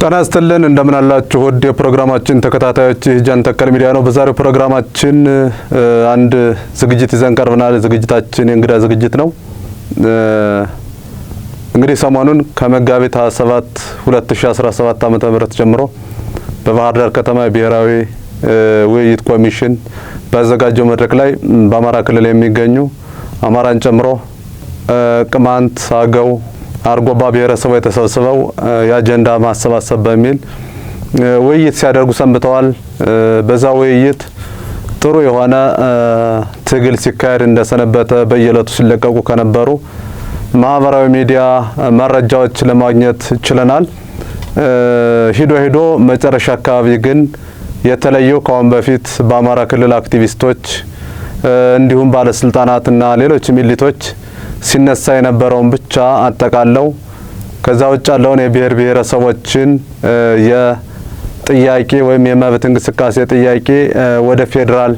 ጤና ይስጥልን እንደምን አላችሁ? ውድ የፕሮግራማችን ተከታታዮች ጃን ተከል ሚዲያ ነው። በዛሬው ፕሮግራማችን አንድ ዝግጅት ይዘን ቀርበናል። ዝግጅታችን የእንግዳ ዝግጅት ነው። እንግዲህ ሰሞኑን ከመጋቢት 27 2017 ዓመተ ምህረት ጀምሮ በባህር ዳር ከተማ ብሔራዊ ውይይት ኮሚሽን ባዘጋጀው መድረክ ላይ በአማራ ክልል የሚገኙ አማራን ጨምሮ ቅማንት፣ አገው አርጎባ ብሔረሰቡ የተሰብስበው የአጀንዳ ማሰባሰብ በሚል ውይይት ሲያደርጉ ሰንብተዋል። በዛ ውይይት ጥሩ የሆነ ትግል ሲካሄድ እንደሰነበተ በየዕለቱ ሲለቀቁ ከነበሩ ማህበራዊ ሚዲያ መረጃዎች ለማግኘት ችለናል። ሂዶ ሂዶ መጨረሻ አካባቢ ግን የተለየው ከአሁን በፊት በአማራ ክልል አክቲቪስቶች እንዲሁም ባለስልጣናትና ሌሎች ሚሊቶች ሲነሳ የነበረውን ብቻ አጠቃለው ከዛ ውጭ ያለውን የብሔር ብሔረሰቦችን የጥያቄ ወይም የመብት እንቅስቃሴ ጥያቄ ወደ ፌዴራል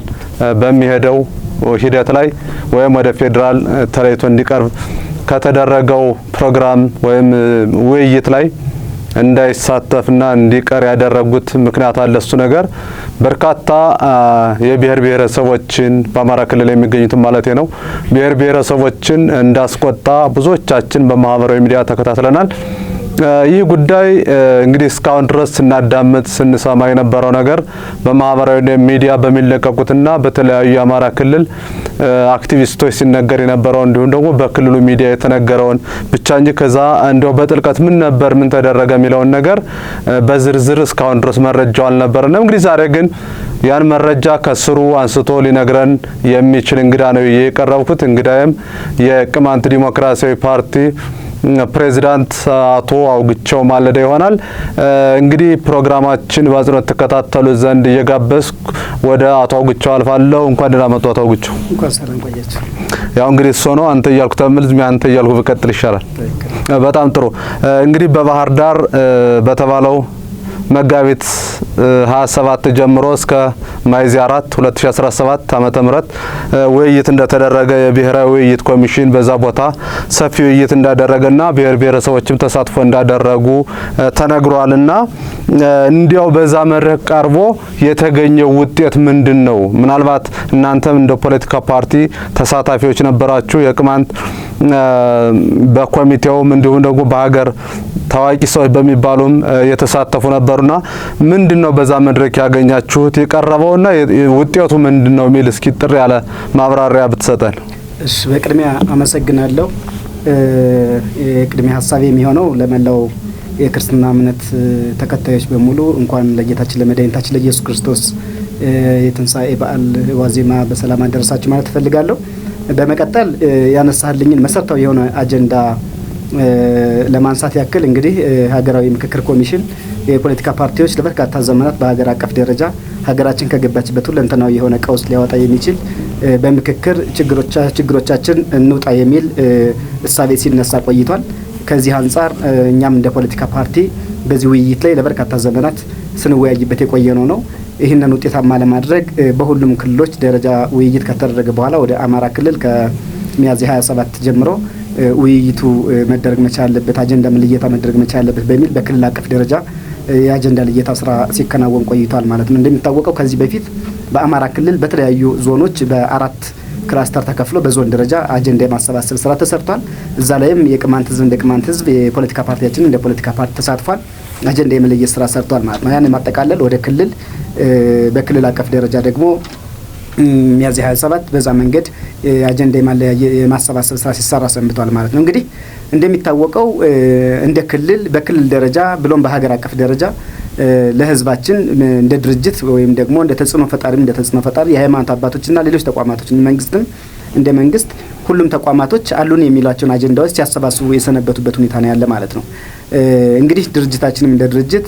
በሚሄደው ሂደት ላይ ወይም ወደ ፌዴራል ተለይቶ እንዲቀርብ ከተደረገው ፕሮግራም ወይም ውይይት ላይ እንዳይሳተፍና እንዲቀር ያደረጉት ምክንያት አለ። እሱ ነገር በርካታ የብሔር ብሔረሰቦችን በአማራ ክልል የሚገኙትን ማለት ነው ብሔር ብሔረሰቦችን እንዳስቆጣ ብዙዎቻችን በማህበራዊ ሚዲያ ተከታትለናል። ይህ ጉዳይ እንግዲህ እስካሁን ድረስ ስናዳምጥ ስንሰማ የነበረው ነገር በማህበራዊ ሚዲያ በሚለቀቁትና በተለያዩ የአማራ ክልል አክቲቪስቶች ሲነገር የነበረው እንዲሁም ደግሞ በክልሉ ሚዲያ የተነገረውን ብቻ እንጂ ከዛ እንዲያው በጥልቀት ምን ነበር ምን ተደረገ የሚለውን ነገር በዝርዝር እስካሁን ድረስ መረጃው አልነበረንም። እንግዲህ ዛሬ ግን ያን መረጃ ከስሩ አንስቶ ሊነግረን የሚችል እንግዳ ነው የቀረብኩት። እንግዳዬም የቅማንት ዲሞክራሲያዊ ፓርቲ ፕሬዚዳንት አቶ አውግቸው ማለደ ይሆናል። እንግዲህ ፕሮግራማችን በአጽንኦት ትከታተሉ ዘንድ እየጋበዝኩ ወደ አቶ አውግቸው አልፋለሁ። እንኳን ደህና መጡ አቶ አውግቸው። ያው እንግዲህ እሱ ነው አንተ እያልኩ ተምል ዝም አንተ እያልኩ ብቀጥል ይሻላል። በጣም ጥሩ እንግዲህ በባህር ዳር በተባለው መጋቢት 27 ጀምሮ እስከ ሚያዝያ 4 2017 ዓመተ ውይይት እንደተደረገ የብሔራዊ ውይይት ኮሚሽን በዛ ቦታ ሰፊ ውይይት እንዳደረገና ብሔር ብሔረሰቦችም ተሳትፎ እንዳደረጉ ተነግሯልና እንዲያው በዛ መድረክ ቀርቦ የተገኘው ውጤት ምንድን ነው? ምናልባት እናንተም እንደ ፖለቲካ ፓርቲ ተሳታፊዎች ነበራችሁ። የቅማንት በኮሚቴውም እንዲሁም ደግሞ በሀገር ታዋቂ ሰዎች በሚባሉም የተሳተፉ ነበሩ። ነበሩና ምንድን ነው በዛ መድረክ ያገኛችሁት የቀረበውና ውጤቱ ምንድን ነው የሚል እስኪ ጥር ያለ ማብራሪያ ብትሰጠን። እሺ፣ በቅድሚያ አመሰግናለሁ። የቅድሚያ ሀሳብ የሚሆነው ለመላው የክርስትና እምነት ተከታዮች በሙሉ እንኳን ለጌታችን ለመድኃኒታችን ለኢየሱስ ክርስቶስ የትንሣኤ በዓል ዋዜማ በሰላም አደረሳችሁ ማለት እፈልጋለሁ። በመቀጠል ያነሳልኝን መሰረታዊ የሆነ አጀንዳ ለማንሳት ያክል እንግዲህ ሀገራዊ ምክክር ኮሚሽን የፖለቲካ ፓርቲዎች ለበርካታ ዘመናት በሀገር አቀፍ ደረጃ ሀገራችን ከገባችበት ሁለንተናዊ የሆነ ቀውስ ሊያወጣ የሚችል በምክክር ችግሮቻችን እንውጣ የሚል እሳቤ ሲነሳ ቆይቷል። ከዚህ አንጻር እኛም እንደ ፖለቲካ ፓርቲ በዚህ ውይይት ላይ ለበርካታ ዘመናት ስንወያይበት የቆየነው ነው። ይህንን ውጤታማ ለማድረግ በሁሉም ክልሎች ደረጃ ውይይት ከተደረገ በኋላ ወደ አማራ ክልል ከሚያዝያ 27 ጀምሮ ውይይቱ መደረግ መቻል አጀንዳ ምን ልየታ መደረግ መቻል አለበት በሚል በክልል አቀፍ ደረጃ የአጀንዳ ልየታ ስራ ሲከናወን ቆይቷል ማለት ነው። እንደሚታወቀው ከዚህ በፊት በአማራ ክልል በተለያዩ ዞኖች በአራት ክላስተር ተከፍሎ በዞን ደረጃ አጀንዳ የማሰባሰብ ስራ ተሰርቷል። እዛ ላይም የቅማንት ህዝብ እንደ ቅማንት ህዝብ የፖለቲካ ፓርቲያችን እንደ ፖለቲካ ፓርቲ ተሳትፏል። አጀንዳ የመለየት ስራ ሰርቷል ማለት ነው። ያን ማጠቃለል ወደ ክልል በክልል አቀፍ ደረጃ ደግሞ ሚያዝያ 27 በዛ መንገድ አጀንዳ የማሰባሰብ ስራ ሲሰራ ሰንብቷል ማለት ነው። እንግዲህ እንደሚታወቀው እንደ ክልል በክልል ደረጃ ብሎም በሀገር አቀፍ ደረጃ ለህዝባችን እንደ ድርጅት ወይም ደግሞ እንደ ተጽዕኖ ፈጣሪም እንደ ተጽዕኖ ፈጣሪ የሃይማኖት አባቶችና ሌሎች ተቋማቶችን መንግስትም እንደ መንግስት ሁሉም ተቋማቶች አሉን የሚሏቸውን አጀንዳዎች ሲያሰባስቡ የሰነበቱበት ሁኔታ ነው ያለ ማለት ነው። እንግዲህ ድርጅታችንም እንደ ድርጅት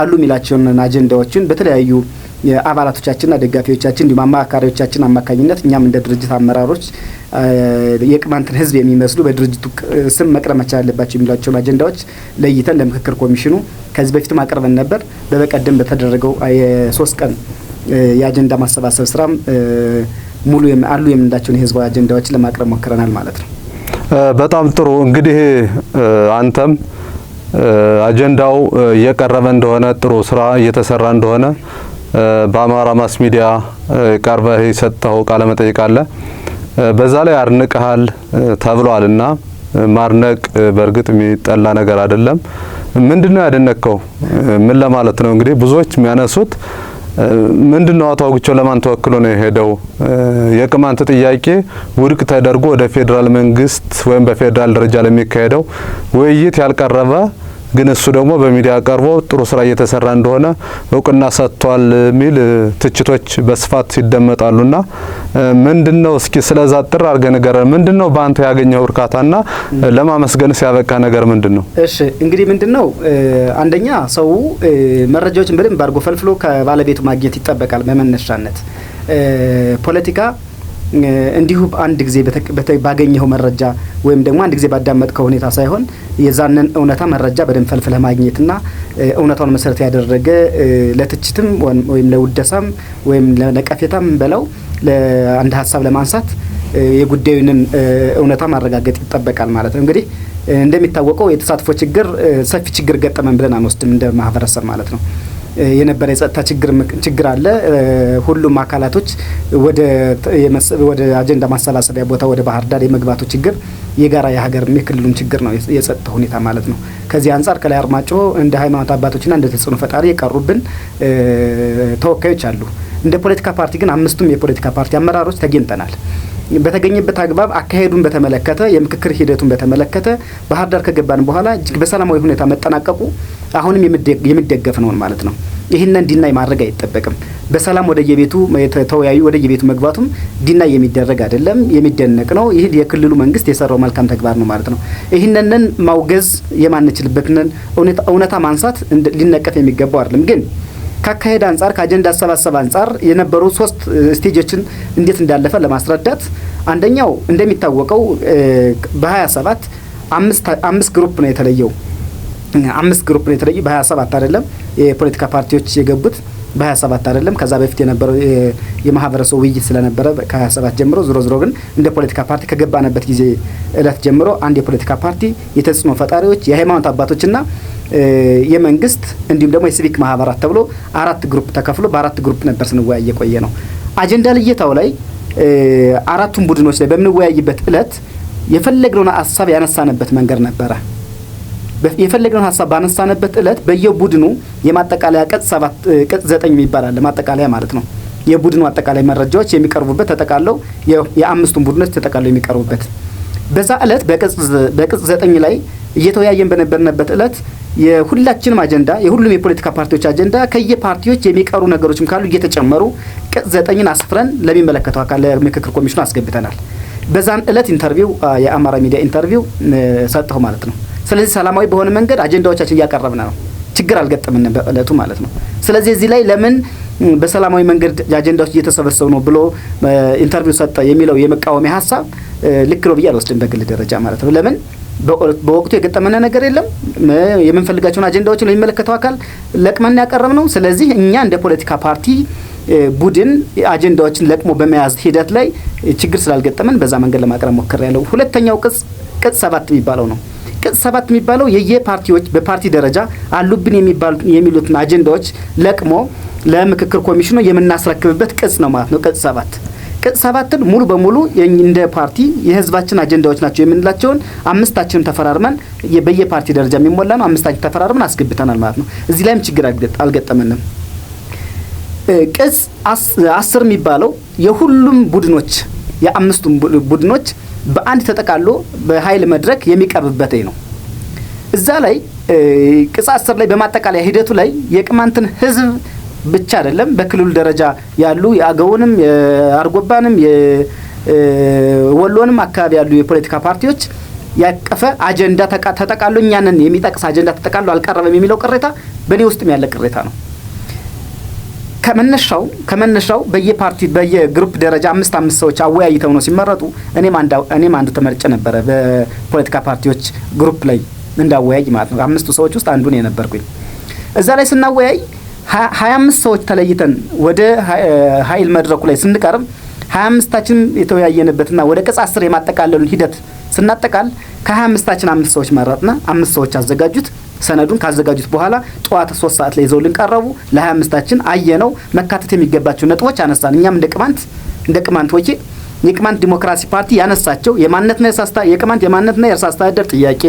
አሉ የሚላቸውን አጀንዳዎችን በተለያዩ አባላቶቻችንና ደጋፊዎቻችን እንዲሁም አማካሪዎቻችን አማካኝነት እኛም እንደ ድርጅት አመራሮች የቅማንትን ሕዝብ የሚመስሉ በድርጅቱ ስም መቅረብ መቻል አለባቸው የሚሏቸውን አጀንዳዎች ለይተን ለምክክር ኮሚሽኑ ከዚህ በፊትም አቅርበን ነበር። በበቀደም በተደረገው የሶስት ቀን የአጀንዳ ማሰባሰብ ስራም ሙሉ አሉ የምንላቸውን የህዝባዊ አጀንዳዎችን ለማቅረብ ሞክረናል ማለት ነው። በጣም ጥሩ እንግዲህ አንተም አጀንዳው እየቀረበ እንደሆነ ጥሩ ስራ እየተሰራ እንደሆነ በአማራ ማስ ሚዲያ ቀርበህ የሰጠኸው ቃለ መጠይቅ አለ። በዛ ላይ አድንቀሃል ተብሏል እና ማድነቅ በእርግጥ የሚጠላ ነገር አይደለም። ምንድነው ያደነቅከው? ምን ለማለት ነው? እንግዲህ ብዙዎች የሚያነሱት ምንድን ነው አቶ አውግቸው ለማን ተወክሎ ነው የሄደው? የቅማንት ጥያቄ ውድቅ ተደርጎ ወደ ፌዴራል መንግስት ወይም በፌዴራል ደረጃ ለሚካሄደው ውይይት ያልቀረበ ግን እሱ ደግሞ በሚዲያ ቀርቦ ጥሩ ስራ እየተሰራ እንደሆነ እውቅና ሰጥቷል የሚል ትችቶች በስፋት ይደመጣሉና ምንድነው እስኪ ስለዛ ጥር አድርገህ ንገረን። ምንድነው በአንተ ያገኘው እርካታና ለማመስገንስ ያበቃ ነገር ምንድነው? እሺ እንግዲህ ምንድነው አንደኛ ሰው መረጃዎችን በደንብ አድርጎ ፈልፍሎ ከባለቤቱ ማግኘት ይጠበቃል። በመነሻነት ፖለቲካ እንዲሁ አንድ ጊዜ ባገኘው መረጃ ወይም ደግሞ አንድ ጊዜ ባዳመጥከው ሁኔታ ሳይሆን የዛንን እውነታ መረጃ በደንብ ፈልፍለህ ማግኘትና እውነታውን መሰረት ያደረገ ለትችትም ወይም ለውደሳም ወይም ለነቀፌታም በለው ለአንድ ሀሳብ ለማንሳት የጉዳዩንን እውነታ ማረጋገጥ ይጠበቃል ማለት ነው። እንግዲህ እንደሚታወቀው የተሳትፎ ችግር ሰፊ ችግር ገጠመን ብለን አንወስድም እንደ ማህበረሰብ ማለት ነው። የነበረ የጸጥታ ችግር አለ። ሁሉም አካላቶች ወደ አጀንዳ ማሰላሰቢያ ቦታ ወደ ባህር ዳር የመግባቱ ችግር የጋራ የሀገር የክልሉም ችግር ነው፣ የጸጥታ ሁኔታ ማለት ነው። ከዚህ አንጻር ከላይ አርማጭሆ እንደ ሃይማኖት አባቶችና እንደ ተጽዕኖ ፈጣሪ የቀሩብን ተወካዮች አሉ። እንደ ፖለቲካ ፓርቲ ግን አምስቱም የፖለቲካ ፓርቲ አመራሮች ተገኝተናል። በተገኘበት አግባብ አካሄዱን በተመለከተ የምክክር ሂደቱን በተመለከተ ባህር ዳር ከገባን በኋላ እጅግ በሰላማዊ ሁኔታ መጠናቀቁ አሁንም የሚደገፍ ነውን ማለት ነው። ይህንን ዲናይ ማድረግ አይጠበቅም። በሰላም ወደ የቤቱ ተወያዩ ወደ የቤቱ መግባቱም ዲናይ የሚደረግ አይደለም፣ የሚደነቅ ነው። ይህ የክልሉ መንግስት የሰራው መልካም ተግባር ነው ማለት ነው። ይህንን ማውገዝ የማንችልበትን እውነታ ማንሳት ሊነቀፍ የሚገባው አይደለም ግን ከአካሄድ አንጻር ከአጀንዳ አሰባሰብ አንጻር የነበሩ ሶስት ስቴጆችን እንዴት እንዳለፈ ለማስረዳት አንደኛው እንደሚታወቀው በ27 አምስት ሰባት አምስት ግሩፕ ነው የተለየው አምስት ግሩፕ ነው የተለየው በሀያ ሰባት አይደለም የፖለቲካ ፓርቲዎች የገቡት በ27 አይደለም ከዛ በፊት የነበረው የማህበረሰቡ ውይይት ስለነበረ ከ27 ጀምሮ ዞሮ ዞሮ ግን እንደ ፖለቲካ ፓርቲ ከገባንበት ጊዜ እለት ጀምሮ አንድ የፖለቲካ ፓርቲ የተጽዕኖ ፈጣሪዎች፣ የሃይማኖት አባቶችና የመንግስት እንዲሁም ደግሞ የሲቪክ ማህበራት ተብሎ አራት ግሩፕ ተከፍሎ በአራት ግሩፕ ነበር ስንወያይ የቆየ ነው። አጀንዳ ልየታው ላይ አራቱን ቡድኖች ላይ በምንወያይበት እለት የፈለግነውን ሀሳብ ያነሳንበት መንገድ ነበረ። የፈለግነውን ሀሳብ ባነሳንበት እለት በየቡድኑ የማጠቃለያ ቀጽ ሰባት ቀጽ ዘጠኝ የሚባል አለ ማጠቃለያ ማለት ነው። የቡድኑ አጠቃላይ መረጃዎች የሚቀርቡበት ተጠቃለው የአምስቱን ቡድኖች ተጠቃለው የሚቀርቡበት በዛ እለት በቅጽ ዘጠኝ ላይ እየተወያየን በነበርንበት እለት የሁላችንም አጀንዳ የሁሉም የፖለቲካ ፓርቲዎች አጀንዳ ከየፓርቲዎች የሚቀሩ ነገሮችም ካሉ እየተጨመሩ ቅጽ ዘጠኝን አስፍረን ለሚመለከተው አካል ለምክክር ኮሚሽኑ አስገብተናል። በዛን እለት ኢንተርቪው የአማራ ሚዲያ ኢንተርቪው ሰጠሁ ማለት ነው። ስለዚህ ሰላማዊ በሆነ መንገድ አጀንዳዎቻችን እያቀረብን ነው። ችግር አልገጠምን በእለቱ ማለት ነው። ስለዚህ እዚህ ላይ ለምን በሰላማዊ መንገድ አጀንዳዎች እየተሰበሰቡ ነው ብሎ ኢንተርቪው ሰጠ የሚለው የመቃወሚያ ሀሳብ ልክ ነው ብዬ አልወስድም፣ በግል ደረጃ ማለት ነው። ለምን በወቅቱ የገጠመን ነገር የለም። የምንፈልጋቸውን አጀንዳዎችን ለሚመለከተው አካል ለቅመን ያቀረብ ነው። ስለዚህ እኛ እንደ ፖለቲካ ፓርቲ ቡድን አጀንዳዎችን ለቅሞ በመያዝ ሂደት ላይ ችግር ስላልገጠመን በዛ መንገድ ለማቅረብ ሞከር ያለው። ሁለተኛው ቅጽ ቅጽ ሰባት የሚባለው ነው። አንቀጽ ሰባት የሚባለው የየፓርቲዎች በፓርቲ ደረጃ አሉብን የሚሉትን አጀንዳዎች ለቅሞ ለምክክር ኮሚሽኑ የምናስረክብበት ቅጽ ነው ማለት ነው። ቅጽ ሰባት ቅጽ ሰባትን ሙሉ በሙሉ እንደ ፓርቲ የህዝባችን አጀንዳዎች ናቸው የምንላቸውን አምስታችንም ተፈራርመን በየፓርቲ ደረጃ የሚሞላ ነው። አምስታችን ተፈራርመን አስገብተናል ማለት ነው። እዚህ ላይም ችግር አልገጠመንም። ቅጽ አስር የሚባለው የሁሉም ቡድኖች የአምስቱም ቡድኖች በአንድ ተጠቃሎ በኃይል መድረክ የሚቀርብበት ነው። እዛ ላይ ቅጽ አስር ላይ በማጠቃለያ ሂደቱ ላይ የቅማንትን ህዝብ ብቻ አይደለም በክልሉ ደረጃ ያሉ የአገውንም የአርጎባንም የወሎንም አካባቢ ያሉ የፖለቲካ ፓርቲዎች ያቀፈ አጀንዳ ተጠቃሎ እኛንን የሚጠቅስ አጀንዳ ተጠቃሎ አልቀረበም የሚለው ቅሬታ በእኔ ውስጥም ያለ ቅሬታ ነው። ከመነሻው ከመነሻው በየፓርቲ በየግሩፕ ደረጃ አምስት አምስት ሰዎች አወያይተው ነው ሲመረጡ። እኔም አንድ እኔም አንዱ ተመርጬ ነበረ በፖለቲካ ፓርቲዎች ግሩፕ ላይ እንዳወያይ ማለት ነው። አምስቱ ሰዎች ውስጥ አንዱ የነበርኩኝ። እዛ ላይ ስናወያይ ሀያ አምስት ሰዎች ተለይተን ወደ ሀይል መድረኩ ላይ ስንቀርብ ሀያ አምስታችን የተወያየንበትና ወደ ቅጽ አስር የማጠቃለሉን ሂደት ስናጠቃል ከሀያ አምስታችን አምስት ሰዎች መረጥና አምስት ሰዎች አዘጋጁት። ሰነዱን ካዘጋጁት በኋላ ጠዋት ሶስት ሰዓት ላይ ይዘውልን ቀረቡ። ለሀያ አምስታችን አየነው። መካተት የሚገባቸው ነጥቦች አነሳን። እኛም እንደ ቅማንት እንደ ቅማንት ወጪ የቅማንት ዲሞክራሲ ፓርቲ ያነሳቸው የማንነትና የቅማንት የማንነትና የእርሳ አስተዳደር ጥያቄ፣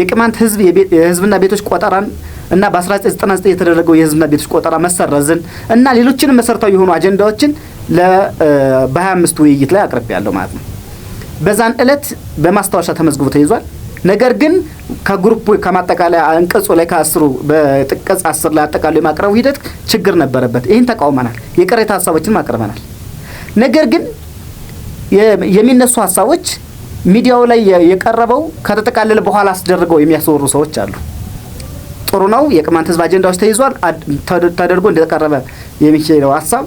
የቅማንት ህዝብ የህዝብና ቤቶች ቆጠራን እና በ1999 የተደረገው የህዝብና ቤቶች ቆጠራ መሰረዝን እና ሌሎችንም መሰረታዊ የሆኑ አጀንዳዎችን በ25 ውይይት ላይ አቅርቤ ያለው ማለት ነው። በዛን እለት በማስታወሻ ተመዝግቦ ተይዟል። ነገር ግን ከግሩፕ ከማጠቃለያ አንቀጹ ላይ ከአስሩ በጥቅስ አስር ላይ አጠቃሉ የማቅረቡ ሂደት ችግር ነበረበት። ይህን ተቃውመናል። የቅሬታ ሀሳቦችን አቅርበናል። ነገር ግን የሚነሱ ሀሳቦች ሚዲያው ላይ የቀረበው ከተጠቃለለ በኋላ አስደርገው የሚያስወሩ ሰዎች አሉ። ጥሩ ነው። የቅማንት ህዝብ አጀንዳዎች ተይዟል ተደርጎ እንደቀረበ የሚችለው ሀሳብ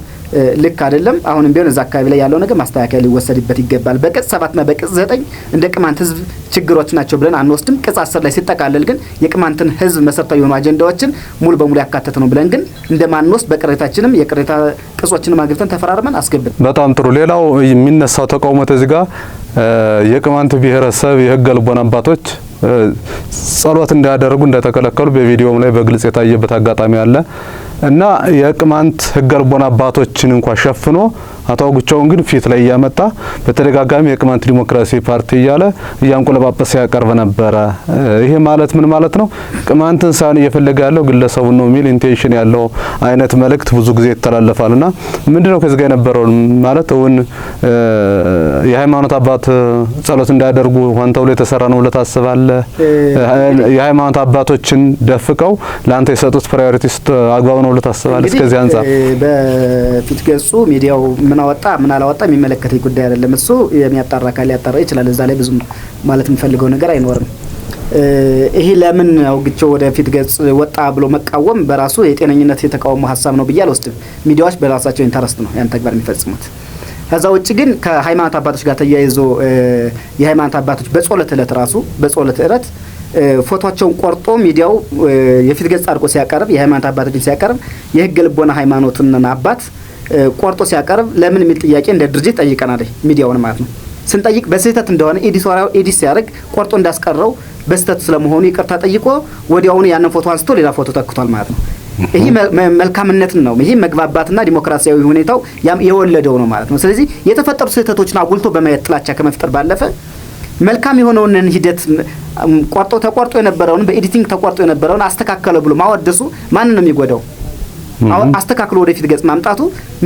ልክ አይደለም። አሁንም ቢሆን እዛ አካባቢ ላይ ያለው ነገር ማስተካከያ ሊወሰድበት ይገባል። በቅጽ ሰባትና በቅጽ ዘጠኝ እንደ ቅማንት ህዝብ ችግሮች ናቸው ብለን አንወስድም። ቅጽ አስር ላይ ሲጠቃለል ግን የቅማንትን ህዝብ መሰረታዊ የሆኑ አጀንዳዎችን ሙሉ በሙሉ ያካተተ ነው ብለን ግን እንደማንወስድ በቅሬታችንም የቅሬታ ቅጾችንም አግብተን ተፈራርመን አስገብን። በጣም ጥሩ። ሌላው የሚነሳው ተቃውሞ እዚህ ጋር የቅማንት ብሔረሰብ የህገ ልቦና አባቶች ጸሎት እንዳያደርጉ እንደተከለከሉ በቪዲዮም ላይ በግልጽ የታየበት አጋጣሚ አለ። እና የቅማንት ህገ ልቦና አባቶችን እንኳ ሸፍኖ አቶ አውግቸውን ግን ፊት ላይ እያመጣ በተደጋጋሚ የቅማንት ዲሞክራሲ ፓርቲ እያለ እያንቆለጳጰሰ ያቀርብ ነበረ። ይሄ ማለት ምን ማለት ነው? ቅማንትን ሳይሆን እየፈለገ ያለው ግለሰቡን ነው የሚል ኢንቴንሽን ያለው አይነት መልእክት ብዙ ጊዜ ይተላለፋልና ምንድነው ከዚህ ጋር የነበረው ማለት እውን የሃይማኖት አባት ጸሎት እንዳያደርጉ ሆን ተብሎ የተሰራ ነው ለታስባለ የሃይማኖት አባቶችን ደፍቀው ለአንተ የሰጡት ፕራዮሪቲ አግባብ ነው ለታስባለ እስከዚህ አንጻር በፊት ገጹ ሚዲያው ምን አወጣ ምን አላወጣ የሚመለከተኝ ጉዳይ አይደለም። እሱ የሚያጣራ ካለ ይችላል። እዛ ላይ ብዙም ማለት የምፈልገው ነገር አይኖርም። ይሄ ለምን አውግቸው ወደፊት ገጽ ወጣ ብሎ መቃወም በራሱ የጤነኝነት የተቃወመ ሀሳብ ነው ብዬ አልወስድም። ሚዲያዎች በራሳቸው ኢንተረስት ነው ያን ተግባር የሚፈጽሙት። ከዛ ውጭ ግን ከሃይማኖት አባቶች ጋር ተያይዞ የሃይማኖት አባቶች በጾለት እለት ራሱ በጾለት እለት ፎቶቸውን ቆርጦ ሚዲያው የፊት ገጽ አድርጎ ሲያቀርብ የሃይማኖት አባቶችን ሲያቀርብ የህገ ልቦና ሃይማኖትን አባት ቆርጦ ሲያቀርብ ለምን የሚል ጥያቄ እንደ ድርጅት ጠይቀናል። ሚዲያውን ማለት ነው ስንጠይቅ በስህተት እንደሆነ ኤዲት ሲያደርግ ቆርጦ እንዳስቀረው በስህተት ስለመሆኑ ይቅርታ ጠይቆ ወዲያውኑ ያንን ፎቶ አንስቶ ሌላ ፎቶ ተክቷል ማለት ነው። ይህ መልካምነትን ነው። ይህ መግባባትና ዲሞክራሲያዊ ሁኔታው የወለደው ነው ማለት ነው። ስለዚህ የተፈጠሩ ስህተቶችን አጉልቶ በማየት ጥላቻ ከመፍጠር ባለፈ መልካም የሆነውን ሂደት ቆርጦ ተቆርጦ የነበረውን በኤዲቲንግ ተቆርጦ የነበረውን አስተካከለ ብሎ ማወደሱ ማንን ነው የሚጎዳው? አስተካክሎ ወደፊት ገጽ ማምጣቱ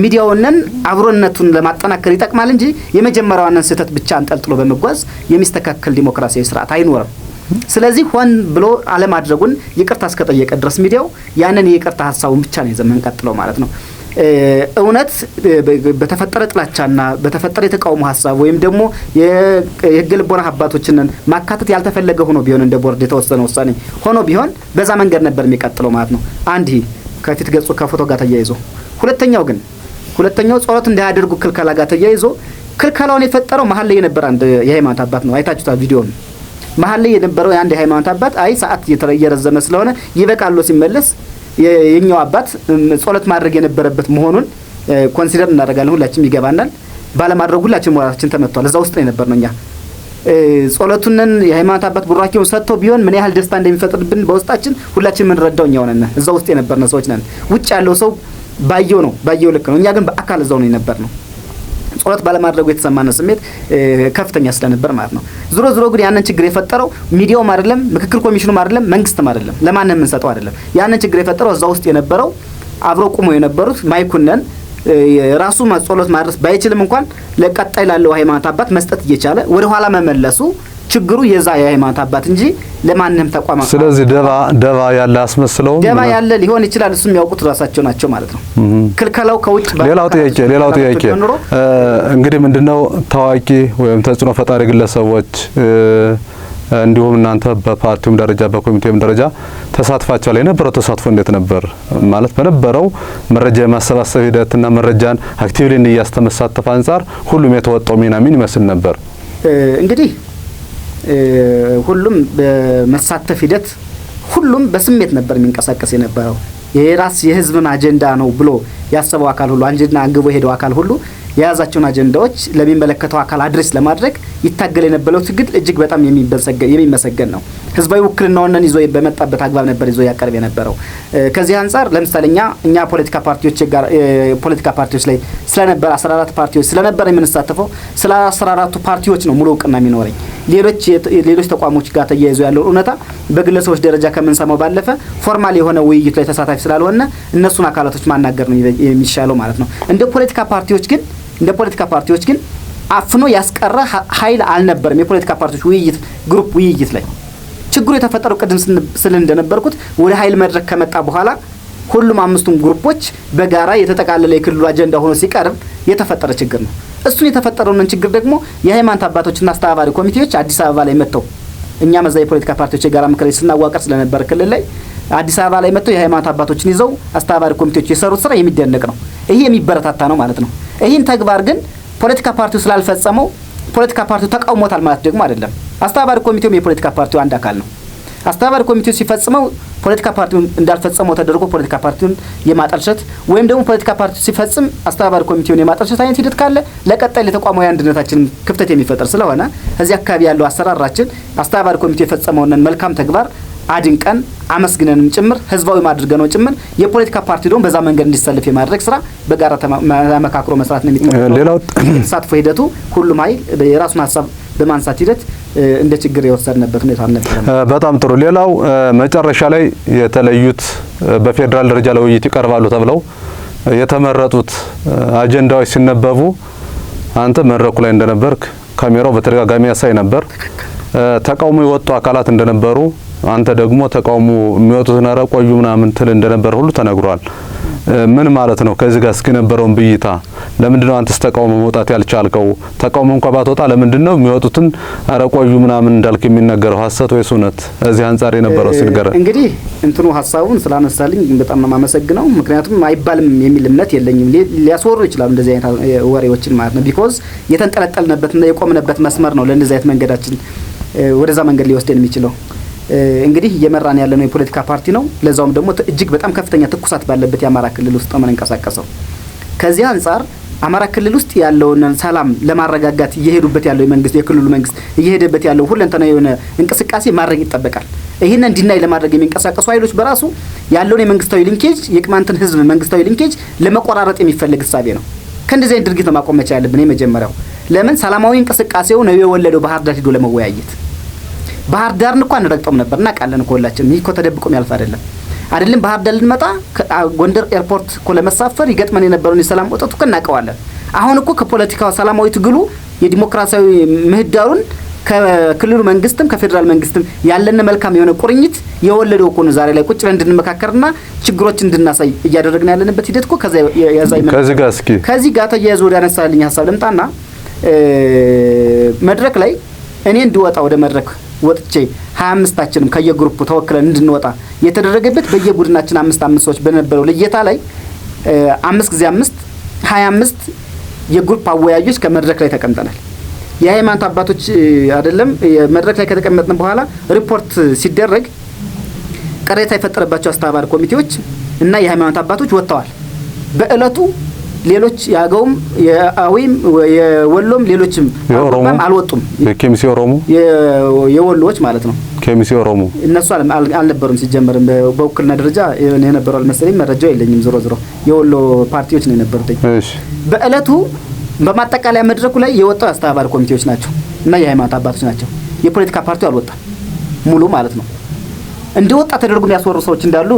ሚዲያውንን አብሮነቱን ለማጠናከር ይጠቅማል እንጂ የመጀመሪያዋንን ስህተት ብቻ አንጠልጥሎ በመጓዝ የሚስተካከል ዲሞክራሲያዊ ስርዓት አይኖርም። ስለዚህ ሆን ብሎ አለማድረጉን ይቅርታ እስከጠየቀ ድረስ ሚዲያው ያንን የይቅርታ ሀሳቡን ብቻ ነው ይዘን ቀጥለው ማለት ነው። እውነት በተፈጠረ ጥላቻና በተፈጠረ የተቃውሞ ሀሳብ ወይም ደግሞ የህገ ልቦና አባቶችንን ማካተት ያልተፈለገ ሆኖ ቢሆን እንደ ቦርድ የተወሰነ ውሳኔ ሆኖ ቢሆን በዛ መንገድ ነበር የሚቀጥለው ማለት ነው አንድ ከፊት ገጹ ከፎቶ ጋር ተያይዞ ሁለተኛው ግን ሁለተኛው ጸሎት እንዳያደርጉ ክልከላ ጋር ተያይዞ ክልከላውን የፈጠረው መሀል ላይ የነበረ አንድ የሃይማኖት አባት ነው። አይታችሁታል ቪዲዮውን። መሀል ላይ የነበረው የአንድ የሃይማኖት አባት አይ ሰዓት እየረዘመ ስለሆነ ይበቃሉ ሲመለስ የኛው አባት ጸሎት ማድረግ የነበረበት መሆኑን ኮንሲደር እናደርጋለን። ሁላችንም ይገባናል። ባለማድረጉ ሁላችን ሞራታችን ተመቷል። እዛ ውስጥ ነው የነበርነው እኛ ጸሎቱንን የሃይማኖት አባት ቡራኪው ሰጥተው ቢሆን ምን ያህል ደስታ እንደሚፈጥርብን በውስጣችን ሁላችን የምንረዳው እኛው ነን። እዛ ውስጥ የነበርነ ሰዎች ነን። ውጭ ያለው ሰው ባየው ነው ባየው ልክ ነው። እኛ ግን በአካል እዛው ነው የነበር ነው። ጸሎት ባለማድረጉ የተሰማነ ስሜት ከፍተኛ ስለነበር ማለት ነው። ዝሮ ዝሮ ግን ያንን ችግር የፈጠረው ሚዲያውም አይደለም፣ ምክክር ኮሚሽኑም አይደለም፣ መንግስትም አይደለም፣ ለማንም የምንሰጠው አይደለም። ያንን ችግር የፈጠረው እዛ ውስጥ የነበረው አብረው ቁመው የነበሩት ማይኩነን ራሱ ጸሎት ማድረስ ባይችልም እንኳን ለቀጣይ ላለው ሃይማኖት አባት መስጠት እየቻለ ወደ ኋላ መመለሱ ችግሩ የዛ የሃይማኖት አባት እንጂ ለማንም ተቋም ስለዚህ ደባ ደባ ያለ አስመስለው ደባ ያለ ሊሆን ይችላል። እሱም ያውቁት ራሳቸው ናቸው ማለት ነው። ክልከላው ከውጭ ሌላው ጥያቄ ሌላው ጥያቄ እንግዲህ ምንድነው ታዋቂ ወይም ተጽዕኖ ፈጣሪ ግለሰቦች እንዲሁም እናንተ በፓርቲውም ደረጃ በኮሚቴውም ደረጃ ተሳትፋቸዋል። የነበረው ተሳትፎ እንዴት ነበር? ማለት በነበረው መረጃ የማሰባሰብ ሂደትና መረጃን አክቲቭሊ እያስተመሳተፍ አንጻር ሁሉም የተወጣው ሚና ምን ይመስል ነበር? እንግዲህ ሁሉም በመሳተፍ ሂደት ሁሉም በስሜት ነበር የሚንቀሳቀስ የነበረው የራስ የህዝብን አጀንዳ ነው ብሎ ያሰበው አካል ሁሉ አጀንዳ አንግቦ የሄደው አካል ሁሉ የያዛቸውን አጀንዳዎች ለሚመለከተው አካል አድሬስ ለማድረግ ይታገል የነበረው ትግል እጅግ በጣም የሚመሰገን ነው። ህዝባዊ ውክልናውን ይዞ በመጣበት አግባብ ነበር ይዞ ያቀርብ የነበረው። ከዚህ አንጻር ለምሳሌ እኛ እኛ ፖለቲካ ፓርቲዎች ፖለቲካ ፓርቲዎች ላይ ስለነበር አስራ አራት ፓርቲዎች ስለነበር የምንሳተፈው ስለ አስራ አራቱ ፓርቲዎች ነው ሙሉ እውቅና የሚኖረኝ። ሌሎች ሌሎች ተቋሞች ጋር ተያይዞ ያለው እውነታ በግለሰቦች ደረጃ ከምንሰማው ባለፈ ፎርማል የሆነ ውይይት ላይ ተሳታፊ ስላልሆነ እነሱን አካላቶች ማናገር ነው የሚሻለው ማለት ነው። እንደ ፖለቲካ ፓርቲዎች ግን እንደ ፖለቲካ ፓርቲዎች ግን አፍኖ ያስቀረ ኃይል አልነበርም። የፖለቲካ ፓርቲዎች ውይይት ግሩፕ ውይይት ላይ ችግሩ የተፈጠረው ቅድም ስል እንደነበርኩት ወደ ኃይል መድረክ ከመጣ በኋላ ሁሉም አምስቱም ግሩፖች በጋራ የተጠቃለለ የክልሉ አጀንዳ ሆኖ ሲቀርብ የተፈጠረ ችግር ነው። እሱን የተፈጠረውን ችግር ደግሞ የሃይማኖት አባቶችና አስተባባሪ ኮሚቴዎች አዲስ አበባ ላይ መጥተው እኛም እዛ የፖለቲካ ፓርቲዎች የጋራ ምክር ስናዋቀር ስለነበረ ክልል ላይ አዲስ አበባ ላይ መጥተው የሃይማኖት አባቶችን ይዘው አስተባባሪ ኮሚቴዎች የሰሩት ስራ የሚደነቅ ነው። ይህ የሚበረታታ ነው ማለት ነው። ይህን ተግባር ግን ፖለቲካ ፓርቲው ስላልፈጸመው ፖለቲካ ፓርቲው ተቃውሞታል ማለት ደግሞ አይደለም። አስተባባሪ ኮሚቴውም የፖለቲካ ፓርቲው አንድ አካል ነው። አስተባባሪ ኮሚቴው ሲፈጽመው ፖለቲካ ፓርቲውን እንዳልፈጸመው ተደርጎ ፖለቲካ ፓርቲውን የማጠልሸት ወይም ደግሞ ፖለቲካ ፓርቲው ሲፈጽም አስተባባሪ ኮሚቴውን የማጠልሸት አይነት ሂደት ካለ ለቀጣይ ለተቋማዊ አንድነታችን ክፍተት የሚፈጠር ስለሆነ እዚህ አካባቢ ያለው አሰራራችን አስተባባሪ ኮሚቴው የፈጸመውን መልካም ተግባር አድንቀን አመስግነንም ጭምር ህዝባዊ ማድርገነው ጭምር የፖለቲካ ፓርቲ ደግሞ በዛ መንገድ እንዲሰልፍ የማድረግ ስራ በጋራ ተመካክሮ መስራት ነው የሚጠ ሌላው ተሳትፎ ሂደቱ ሁሉም ሀይል የራሱን ሀሳብ በማንሳት ሂደት እንደ ችግር የወሰድንበት ሁኔታ ነበር። በጣም ጥሩ። ሌላው መጨረሻ ላይ የተለዩት በፌዴራል ደረጃ ለውይይት ይቀርባሉ ተብለው የተመረጡት አጀንዳዎች ሲነበቡ አንተ መድረኩ ላይ እንደነበርክ ካሜራው በተደጋጋሚ ያሳይ ነበር። ተቃውሞ የወጡ አካላት እንደነበሩ አንተ ደግሞ ተቃውሞ የሚወጡትን ኧረ ቆዩ ምናምን ትል እንደነበር ሁሉ ተነግሯል። ምን ማለት ነው? ከዚህ ጋር እስኪ ነበረውን ብይታ ለምንድን አንተስ ተቃውሞ መውጣት ያልቻልከው? ተቃውሞ እንኳ ባትወጣ ለምንድነው የሚወጡትን ኧረ ቆዩ ምናምን እንዳልክ የሚነገረው? ሀሰት ወይስ እውነት? እዚህ አንጻር የነበረው ሲልገረ እንግዲህ እንትኑ ሀሳቡን ስላነሳልኝ በጣም የማመሰግነው። ምክንያቱም አይባልም የሚል እምነት የለኝም። ሊያስወሩ ይችላሉ እንደዚህ አይነት ወሬዎችን ማለት ነው። ቢኮዝ የተንጠለጠልንበትና የቆምንበት መስመር ነው ለእንደዚህ አይነት መንገዳችን ወደዛ መንገድ ሊወስደን የሚችለው እንግዲህ እየመራን ያለነው የፖለቲካ ፓርቲ ነው። ለዛውም ደግሞ እጅግ በጣም ከፍተኛ ትኩሳት ባለበት የአማራ ክልል ውስጥ ነው የምንንቀሳቀሰው። ከዚህ አንጻር አማራ ክልል ውስጥ ያለውን ሰላም ለማረጋጋት እየሄዱበት ያለው የመንግስት የክልሉ መንግስት እየሄደበት ያለው ሁለንተና የሆነ እንቅስቃሴ ማድረግ ይጠበቃል። ይህን እንዲናይ ለማድረግ የሚንቀሳቀሱ ኃይሎች በራሱ ያለውን የመንግስታዊ ሊንኬጅ የቅማንትን ህዝብ መንግስታዊ ሊንኬጅ ለመቆራረጥ የሚፈልግ እሳቤ ነው። ከእንደዚህ አይነት ድርጊት ነው ማቆም መቻል ያለብን። የመጀመሪያው ለምን ሰላማዊ እንቅስቃሴው ነው የወለደው ባህር ዳር ሂዶ ለመወያየት ባህር ዳርን እኮ አንረግጠውም ነበር እናውቃለን እኮ ሁላችንም። ይህ እኮ ተደብቆም ያልፍ አይደለም አይደለም። ባህር ዳር ልንመጣ ጎንደር ኤርፖርት እኮ ለመሳፈር ይገጥመን የነበረውን የሰላም ወጠት እኮ እናውቀዋለን። አሁን እኮ ከፖለቲካው ሰላማዊ ትግሉ የዲሞክራሲያዊ ምህዳሩን ከክልሉ መንግስትም ከፌዴራል መንግስትም ያለን መልካም የሆነ ቁርኝት የወለደው እኮ ነው ዛሬ ላይ ቁጭ ብለን እንድንመካከርና ችግሮች እንድናሳይ እያደረግን ያለንበት ሂደት እኮ ከዛ ያዛይ ከዚህ ጋር እስኪ ከዚህ ጋር ተያይዞ ወደ አነሳልኝ ሀሳብ ልምጣና መድረክ ላይ እኔ እንድወጣ ወደ መድረክ ወጥቼ ሀያ አምስታችንም ከየግሩፕ ተወክለን እንድንወጣ የተደረገበት በየቡድናችን አምስት አምስት ሰዎች በነበረው ልየታ ላይ አምስት ጊዜ አምስት ሀያ አምስት የግሩፕ አወያዮች ከመድረክ ላይ ተቀምጠናል። የሃይማኖት አባቶች አይደለም መድረክ ላይ ከተቀመጥን በኋላ ሪፖርት ሲደረግ ቅሬታ የፈጠረባቸው አስተባባሪ ኮሚቴዎች እና የሃይማኖት አባቶች ወጥተዋል። በእለቱ ሌሎች የአገውም የአዊም የወሎም ሌሎችም ኦሮሞም አልወጡም። የኬሚሴ ኦሮሞ የወሎዎች ማለት ነው። ኬሚሲ ኦሮሞ እነሱ አልነበሩም። ሲጀመርም በውክልና ደረጃ የነበሩ አልመሰለኝ፣ መረጃው የለኝም። ዝሮ ዝሮ የወሎ ፓርቲዎች ነው የነበሩት። በእለቱ በማጠቃለያ መድረኩ ላይ የወጣው የአስተባባሪ ኮሚቴዎች ናቸው እና የሃይማኖት አባቶች ናቸው። የፖለቲካ ፓርቲው አልወጣም ሙሉ ማለት ነው። እንዲወጣ ተደርጎ የሚያስወሩ ሰዎች እንዳሉ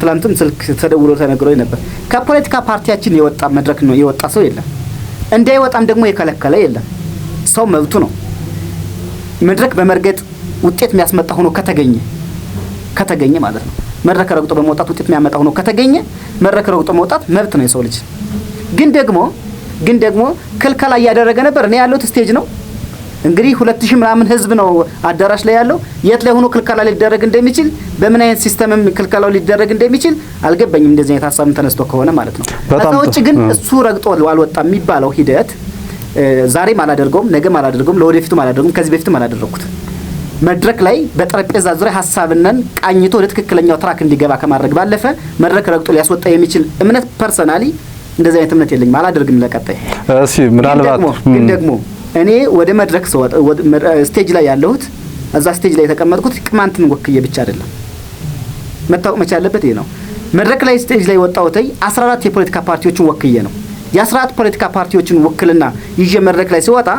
ትላንትም ስልክ ተደውሎ ተነግሮኝ ነበር። ከፖለቲካ ፓርቲያችን የወጣ መድረክ ነው የወጣ ሰው የለም። እንዳይወጣም ደግሞ የከለከለ የለም። ሰው መብቱ ነው። መድረክ በመርገጥ ውጤት የሚያስመጣ ሆኖ ከተገኘ ከተገኘ ማለት ነው። መድረክ ረግጦ በመውጣት ውጤት የሚያመጣ ሆኖ ከተገኘ መድረክ ረግጦ መውጣት መብት ነው የሰው ልጅ። ግን ደግሞ ግን ደግሞ ክልከላ እያደረገ ነበር። እኔ ያለሁት ስቴጅ ነው። እንግዲህ ሁለት ሺህ ምናምን ህዝብ ነው አዳራሽ ላይ ያለው። የት ላይ ሆኖ ክልከላ ሊደረግ እንደሚችል በምን አይነት ሲስተምም ክልከላው ሊደረግ እንደሚችል አልገባኝም። እንደዚህ አይነት ሀሳብም ተነስቶ ከሆነ ማለት ነው። ከዛ ውጭ ግን እሱ ረግጦ አልወጣ የሚባለው ሂደት ዛሬም አላደርገውም፣ ነገም አላደርገውም፣ ለወደፊቱም አላደርገውም፣ ከዚህ በፊትም አላደረግኩት። መድረክ ላይ በጠረጴዛ ዙሪያ ሀሳብነን ቃኝቶ ወደ ትክክለኛው ትራክ እንዲገባ ከማድረግ ባለፈ መድረክ ረግጦ ሊያስወጣ የሚችል እምነት ፐርሰናሊ እንደዚህ አይነት እምነት የለኝም፣ አላደርግም። ለቀጣይ ግን ደግሞ እኔ ወደ መድረክ ስቴጅ ላይ ያለሁት እዛ ስቴጅ ላይ የተቀመጥኩት ቅማንትን ወክዬ ብቻ አይደለም። መታወቅ መቻ ያለበት ይህ ነው። መድረክ ላይ ስቴጅ ላይ ወጣሁት አስራ አራት የፖለቲካ ፓርቲዎችን ወክዬ ነው። የአስራ አራት ፖለቲካ ፓርቲዎችን ውክልና ይዤ መድረክ ላይ ሲወጣ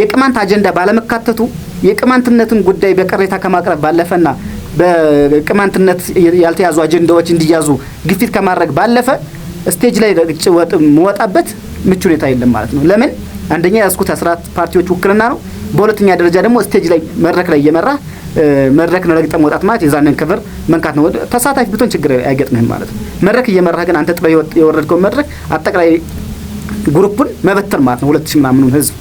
የቅማንት አጀንዳ ባለመካተቱ የቅማንትነትን ጉዳይ በቅሬታ ከማቅረብ ባለፈና በቅማንትነት ያልተያዙ አጀንዳዎች እንዲያዙ ግፊት ከማድረግ ባለፈ ስቴጅ ላይ ወጣበት ምቹ ሁኔታ የለም ማለት ነው። ለምን አንደኛ ያስኩት አስራት ፓርቲዎች ውክልና ነው። በሁለተኛ ደረጃ ደግሞ ስቴጅ ላይ መድረክ ላይ እየመራ መድረክ ለግጠም መውጣት ማለት የዛንን ክብር መንካት ነው። ተሳታፊ ብትሆን ችግር አይገጥምህም ማለት ነው። መድረክ እየመራህ ግን አንተ ጥለህ የወረድከውን መድረክ አጠቃላይ ግሩፑን መበተን ማለት ነው። ሁለት ሺህ ምናምኑን ህዝብ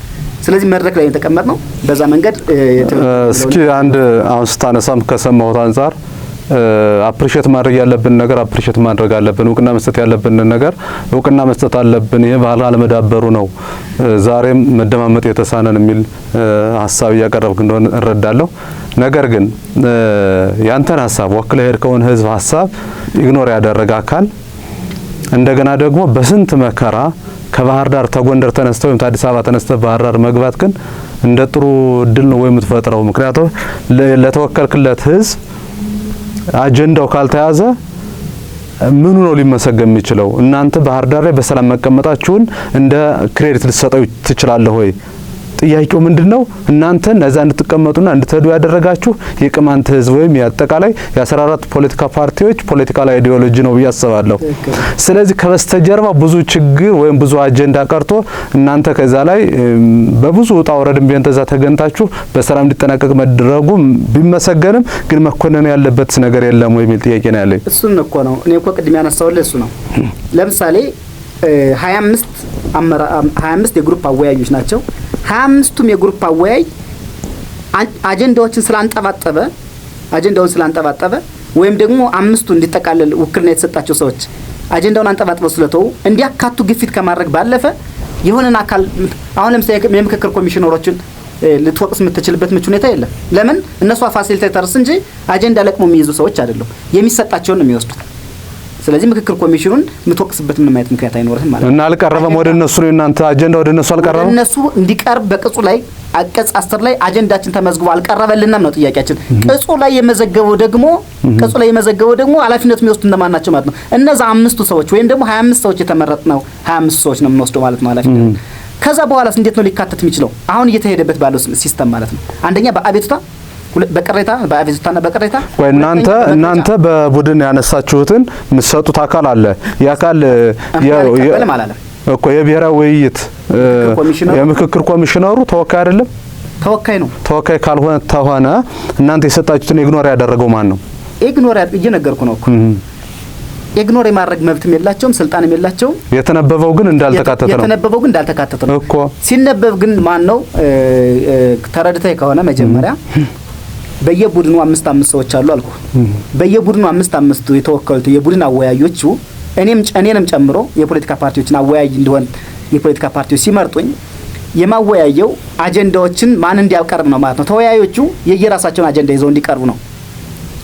ስለዚህ መድረክ ላይ የተቀመጥ ነው። በዛ መንገድ እስኪ አንድ አሁን ስታነሳም ከሰማሁት አንጻር አፕሪሼት ማድረግ ያለብን ነገር አፕሪሼት ማድረግ አለብን። እውቅና መስጠት ያለብን ነገር እውቅና መስጠት አለብን። ይህ ባህል አለመዳበሩ ነው ዛሬም መደማመጥ የተሳነን የሚል ሀሳብ እያቀረብክ እንደሆነ እረዳለሁ። ነገር ግን ያንተን ሀሳብ ወክለ ሄድከውን ህዝብ ሀሳብ ኢግኖር ያደረገ አካል እንደገና ደግሞ በስንት መከራ ከባህር ዳር ተጎንደር ተነስተ ወይም ታዲስ አበባ ተነስተ ባህር ዳር መግባት ግን እንደ ጥሩ እድል ነው ወይም የምትፈጥረው ምክንያቱም ለተወከልክለት ህዝብ አጀንዳው ካልተያዘ ምኑ ነው ሊመሰገን የሚችለው? እናንተ ባህር ዳር ላይ በሰላም መቀመጣችሁን እንደ ክሬዲት ልትሰጠው ትችላለህ ወይ? ጥያቄው ምንድን ነው? እናንተ እዛ እንድትቀመጡና እንድትሄዱ ያደረጋችሁ የቅማንት ህዝብ ወይም የአጠቃላይ የ14 ፖለቲካ ፓርቲዎች ፖለቲካል አይዲዮሎጂ ነው ብዬ አስባለሁ። ስለዚህ ከበስተጀርባ ብዙ ችግር ወይም ብዙ አጀንዳ ቀርቶ እናንተ ከዛ ላይ በብዙ ውጣ ውረድም ቢሆን ተዛ ተገንታችሁ በሰላም እንዲጠናቀቅ መድረጉ ቢመሰገንም ግን መኮነን ያለበት ነገር የለም ወይ የሚል ጥያቄ ነው ያለኝ። እሱን እኮ ነው እኔ እኮ ቅድም ያነሳውልህ እሱ ነው። ለምሳሌ 25 25 የግሩፕ አወያዮች ናቸው ሀያ አምስቱም የግሩፕ አወያይ አጀንዳዎችን ስላንጠባጠበ አጀንዳውን ስላንጠባጠበ ወይም ደግሞ አምስቱ እንዲጠቃለል ውክልና የተሰጣቸው ሰዎች አጀንዳውን አንጠባጥበው ስለተው እንዲያካቱ ግፊት ከማድረግ ባለፈ የሆነን አካል አሁን ለምሳሌ የምክክር ኮሚሽነሮችን ልትወቅስ የምትችልበት ምች ሁኔታ የለም። ለምን? እነሷ ፋሲሊቴተርስ እንጂ አጀንዳ ለቅሞ የሚይዙ ሰዎች አይደሉም። የሚሰጣቸውን ነው የሚወስዱ። ስለዚህ ምክክር ኮሚሽኑን የምትወቅስበት ምንም አይነት ምክንያት አይኖርም ማለት ነው። እና አልቀረበም ወደ እነሱ ነው እናንተ አጀንዳ ወደ እነሱ አልቀረበም። እነሱ እንዲቀርብ በቅጹ ላይ አቀጽ አስር ላይ አጀንዳችን ተመዝግቦ አልቀረበልንም ነው ጥያቄያችን። ቅጹ ላይ የመዘገበው ደግሞ ቅጹ ላይ የመዘገበው ደግሞ ኃላፊነት የሚወስዱ እነማን ናቸው ማለት ነው። እነዛ አምስቱ ሰዎች ወይም ደግሞ ሀያ አምስት ሰዎች የተመረጥ ነው ሀያ አምስት ሰዎች ነው የምንወስደው ማለት ነው ኃላፊነት። ከዛ በኋላስ እንዴት ነው ሊካተት የሚችለው? አሁን እየተሄደበት ባለው ሲስተም ማለት ነው አንደኛ በአቤቱታ በቅሬታ በአቤቱታና በቅሬታ ወይ እናንተ እናንተ በቡድን ያነሳችሁትን የምትሰጡት አካል አለ። የአካል እኮ የብሔራዊ ውይይት የምክክር ኮሚሽነሩ ተወካይ አይደለም? ተወካይ ነው። ተወካይ ካልሆነ ተሆነ እናንተ የሰጣችሁትን ኢግኖር ያደረገው ማን ነው? ኢግኖር እየነገርኩ ነው እኮ ኢግኖር የማድረግ መብትም የላቸውም ስልጣንም የላቸውም። የተነበበው ግን እንዳልተካተተ ነው። የተነበበው ግን እንዳልተካተተ ነው እኮ ሲነበብ ግን ማን ነው ተረድተህ ከሆነ መጀመሪያ በየቡድኑ አምስት አምስት ሰዎች አሉ አልኩ። በየቡድኑ አምስት አምስቱ የተወከሉት የቡድን አወያዮቹ እኔም እኔንም ጨምሮ የፖለቲካ ፓርቲዎችን አወያይ እንደሆን የፖለቲካ ፓርቲዎች ሲመርጡኝ የማወያየው አጀንዳዎችን ማን እንዲያቀርብ ነው ማለት ነው። ተወያዮቹ የየራሳቸውን አጀንዳ ይዘው እንዲቀርቡ ነው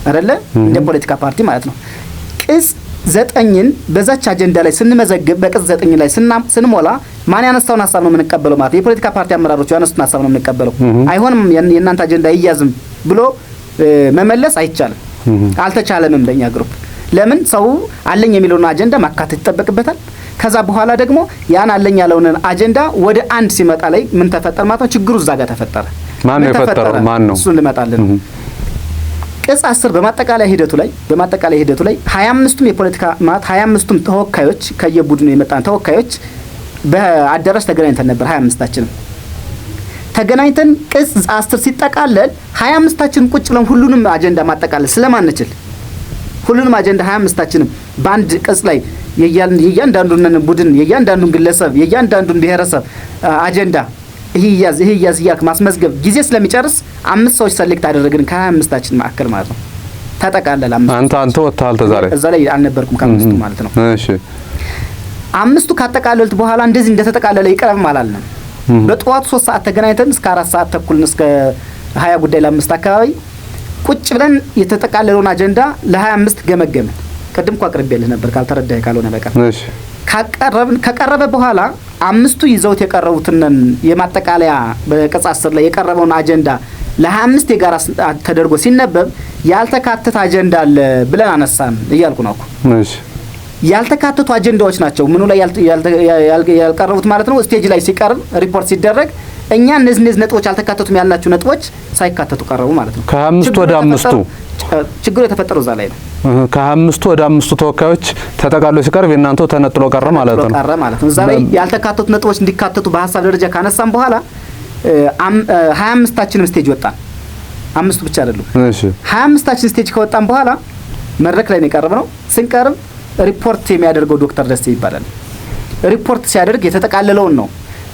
አይደለ? እንደ ፖለቲካ ፓርቲ ማለት ነው። ቅጽ ዘጠኝን በዛች አጀንዳ ላይ ስንመዘግብ በቅጽ ዘጠኝ ላይ ስንሞላ ማን ያነሳውን ሀሳብ ነው የምንቀበለው ማለት ነው። የፖለቲካ ፓርቲ አመራሮቹ ያነሱትን ሀሳብ ነው የምንቀበለው። አይሆንም፣ የእናንተ አጀንዳ ይያዝም ብሎ መመለስ አይቻልም፣ አልተቻለምም። በእኛ ግሩፕ ለምን ሰው አለኝ የሚለውን አጀንዳ ማካተት ይጠበቅበታል። ከዛ በኋላ ደግሞ ያን አለኝ ያለውን አጀንዳ ወደ አንድ ሲመጣ ላይ ምን ተፈጠረ ማለት ነው? ችግሩ እዛ ጋር ተፈጠረ። ማን ነው የፈጠረው? ማን ነው? እሱን ልመጣልን። ቅጽ አስር በማጠቃለያ ሂደቱ ላይ በማጠቃለያ ሂደቱ ላይ ሀያ አምስቱም የፖለቲካ ማለት ሀያ አምስቱም ተወካዮች ከየቡድኑ የመጣን ተወካዮች በአዳራሽ ተገናኝተን ነበር ሀያ አምስታችንም ተገናኝተን ቅጽ አስር ሲጠቃለል ሀያ አምስታችን ቁጭ ብለን ሁሉንም አጀንዳ ማጠቃለል ስለማንችል ሁሉንም አጀንዳ ሀያ አምስታችንም በአንድ ቅጽ ላይ የእያንዳንዱን ቡድን የእያንዳንዱን ግለሰብ የእያንዳንዱን ብሔረሰብ አጀንዳ ይህ እያዝ ይህ እያዝ እያልክ ማስመዝገብ ጊዜ ስለሚጨርስ አምስት ሰዎች ሰሌክት አደረግን ከሀያ አምስታችን መካከል ማለት ነው። ተጠቃለል አምስት አንተ ወጥተሃል ተዛሬ እዛ ላይ አልነበርኩም ከአምስቱ ማለት ነው። እሺ አምስቱ ካጠቃለልት በኋላ እንደዚህ እንደተጠቃለለ ይቅረብም አላልንም። በጠዋቱ ሶስት ሰዓት ተገናኝተን እስከ አራት ሰዓት ተኩል እስከ ሀያ ጉዳይ ለአምስት አካባቢ ቁጭ ብለን የተጠቃለለውን አጀንዳ ለሀያ አምስት ገመገምን። ቅድም እኮ አቅርቤልህ ነበር ካልተረዳህ ካልሆነ በቀር ከቀረበ በኋላ አምስቱ ይዘውት የቀረቡትን የማጠቃለያ በቀጽ አስር ላይ የቀረበውን አጀንዳ ለሀያ አምስት የጋራ ተደርጎ ሲነበብ ያልተካተተ አጀንዳ አለ ብለን አነሳን እያልኩ ነው እኮ ያልተካተቱ አጀንዳዎች ናቸው። ምኑ ላይ ያልቀረቡት ማለት ነው። ስቴጅ ላይ ሲቀርብ ሪፖርት ሲደረግ እኛ እነዚህ እነዚህ ነጥቦች አልተካተቱም ያልናቸው ነጥቦች ሳይካተቱ ቀረቡ ማለት ነው። ከአምስቱ ወደ አምስቱ ችግሩ የተፈጠረው እዛ ላይ ነው። ከአምስቱ ወደ አምስቱ ተወካዮች ተጠቃሎ ሲቀርብ የእናንተ ተነጥሎ ቀረ ማለት ነው ቀረ ማለት ነው። እዛ ላይ ያልተካተቱ ነጥቦች እንዲካተቱ በሀሳብ ደረጃ ካነሳም በኋላ ሀያ አምስታችንም ስቴጅ ወጣን። አምስቱ ብቻ አይደሉም። ሀያ አምስታችን ስቴጅ ከወጣን በኋላ መድረክ ላይ ነው የቀረብ ነው ስንቀርብ ሪፖርት የሚያደርገው ዶክተር ደሴ ይባላል። ሪፖርት ሲያደርግ የተጠቃለለውን ነው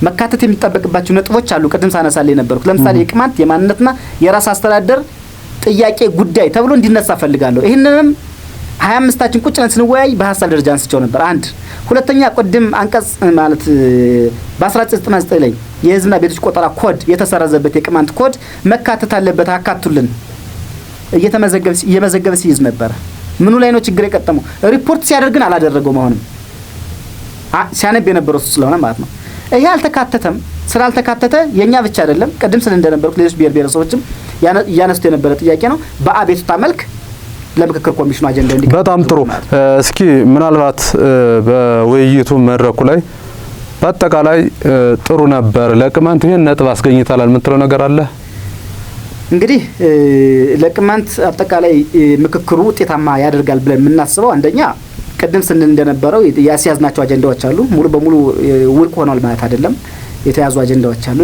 መካተት የሚጠበቅባቸው ነጥቦች አሉ። ቅድም ሳነሳል የነበርኩት ለምሳሌ የቅማንት የማንነትና የራስ አስተዳደር ጥያቄ ጉዳይ ተብሎ እንዲነሳ ፈልጋለሁ። ይህንንም ሀያ አምስታችን ቁጭ ነን ስንወያይ በሀሳብ ደረጃ አንስቸው ነበር። አንድ ሁለተኛ ቅድም አንቀጽ ማለት በ1999 ላይ የህዝብና ቤቶች ቆጠራ ኮድ የተሰረዘበት የቅማንት ኮድ መካተት አለበት አካቱልን እየተመዘገበ ሲይዝ ነበረ። ምኑ ላይ ነው ችግር የቀጠመው? ሪፖርት ሲያደርግን አላደረገው መሆንም ሲያነብ የነበረው ስለሆነ ማለት ነው። ይሄ አልተካተተም። ስላልተካተተ የእኛ ብቻ አይደለም፣ ቅድም ስለ እንደነበርኩት ሌሎች ብሔር ብሔረሰቦችም እያነሱት የነበረ ጥያቄ ነው። በአቤቱታ መልክ ለምክክር ኮሚሽኑ አጀንዳ እንዲ በጣም ጥሩ። እስኪ ምናልባት በውይይቱ መድረኩ ላይ በአጠቃላይ ጥሩ ነበር ለቅመንት ይህን ነጥብ አስገኝታላል የምትለው ነገር አለ? እንግዲህ ለቅማንት አጠቃላይ ምክክሩ ውጤታማ ያደርጋል ብለን የምናስበው አንደኛ ቅድም ስንል እንደነበረው ያስያዝናቸው አጀንዳዎች አሉ። ሙሉ በሙሉ ውድቅ ሆኗል ማለት አይደለም። የተያዙ አጀንዳዎች አሉ።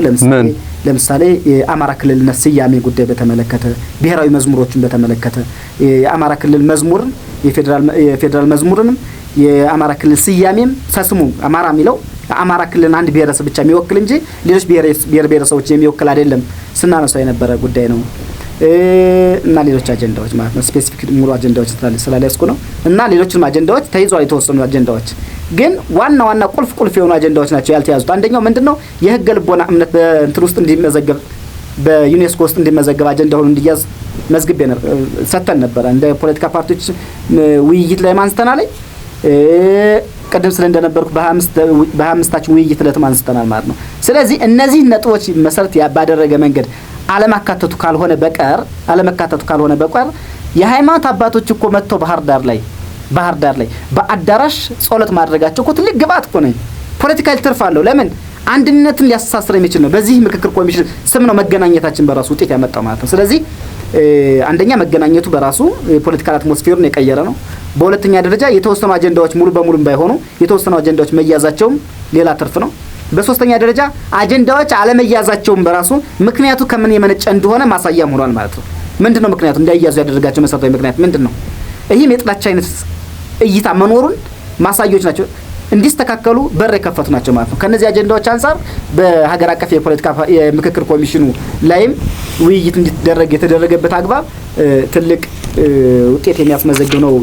ለምሳሌ የአማራ ክልልነት ስያሜ ጉዳይ በተመለከተ፣ ብሔራዊ መዝሙሮችን በተመለከተ የአማራ ክልል መዝሙርን የፌዴራል መዝሙርንም የአማራ ክልል ስያሜም ሰስሙ አማራ የሚለው አማራ ክልልን አንድ ብሔረሰብ ብቻ የሚወክል እንጂ ሌሎች ብሔር ብሔረሰቦች የሚወክል አይደለም ስናነሳው የነበረ ጉዳይ ነው እና ሌሎች አጀንዳዎች ማለት ነው። ስፔሲፊክ ሙሉ አጀንዳዎች ስላልያዝኩ ነው። እና ሌሎችም አጀንዳዎች ተይዘዋል የተወሰኑ አጀንዳዎች ግን ዋና ዋና ቁልፍ ቁልፍ የሆኑ አጀንዳዎች ናቸው ያልተያዙት። አንደኛው ምንድን ነው? የህገ ልቦና እምነት በእንትን ውስጥ እንዲመዘገብ በዩኔስኮ ውስጥ እንዲመዘገብ አጀንዳ ሆኖ እንዲያዝ መዝግብ ሰጥተን ነበረ። እንደ ፖለቲካ ፓርቲዎች ውይይት ላይ ማንስተና ላይ ቅድም ስለ እንደነበርኩ በሀምስታችን ውይይት ዕለትም አንስተናል ማለት ነው። ስለዚህ እነዚህ ነጥቦች መሰረት ባደረገ መንገድ አለማካተቱ ካልሆነ በቀር አለመካተቱ ካልሆነ በቀር የሃይማኖት አባቶች እኮ መጥቶ ባህር ዳር ላይ ባህር ዳር ላይ በአዳራሽ ጸሎት ማድረጋቸው እኮ ትልቅ ግብአት እኮ ነው። ፖለቲካዊ ትርፍ አለው። ለምን አንድነትን ሊያስተሳስር የሚችል ነው። በዚህ ምክክር ኮሚሽን ስም ነው መገናኘታችን በራሱ ውጤት ያመጣው ማለት ነው። ስለዚህ አንደኛ መገናኘቱ በራሱ የፖለቲካል አትሞስፌሩን የቀየረ ነው። በሁለተኛ ደረጃ የተወሰኑ አጀንዳዎች ሙሉ በሙሉም ባይሆኑ የተወሰኑ አጀንዳዎች መያዛቸውም ሌላ ትርፍ ነው። በሶስተኛ ደረጃ አጀንዳዎች አለመያዛቸውም በራሱ ምክንያቱ ከምን የመነጨ እንደሆነ ማሳያም ሆኗል ማለት ነው። ምንድን ነው ምክንያቱ እንዳያዙ ያደረጋቸው መሰረታዊ ምክንያት ምንድን ነው? ይህም የጥላቻ አይነት እይታ መኖሩን ማሳያዎች ናቸው፣ እንዲስተካከሉ በር የከፈቱ ናቸው ማለት ነው። ከነዚህ አጀንዳዎች አንጻር በሀገር አቀፍ የፖለቲካ የምክክር ኮሚሽኑ ላይም ውይይት እንዲደረግ የተደረገበት አግባብ ትልቅ ውጤት የሚያስመዘግብ ነው።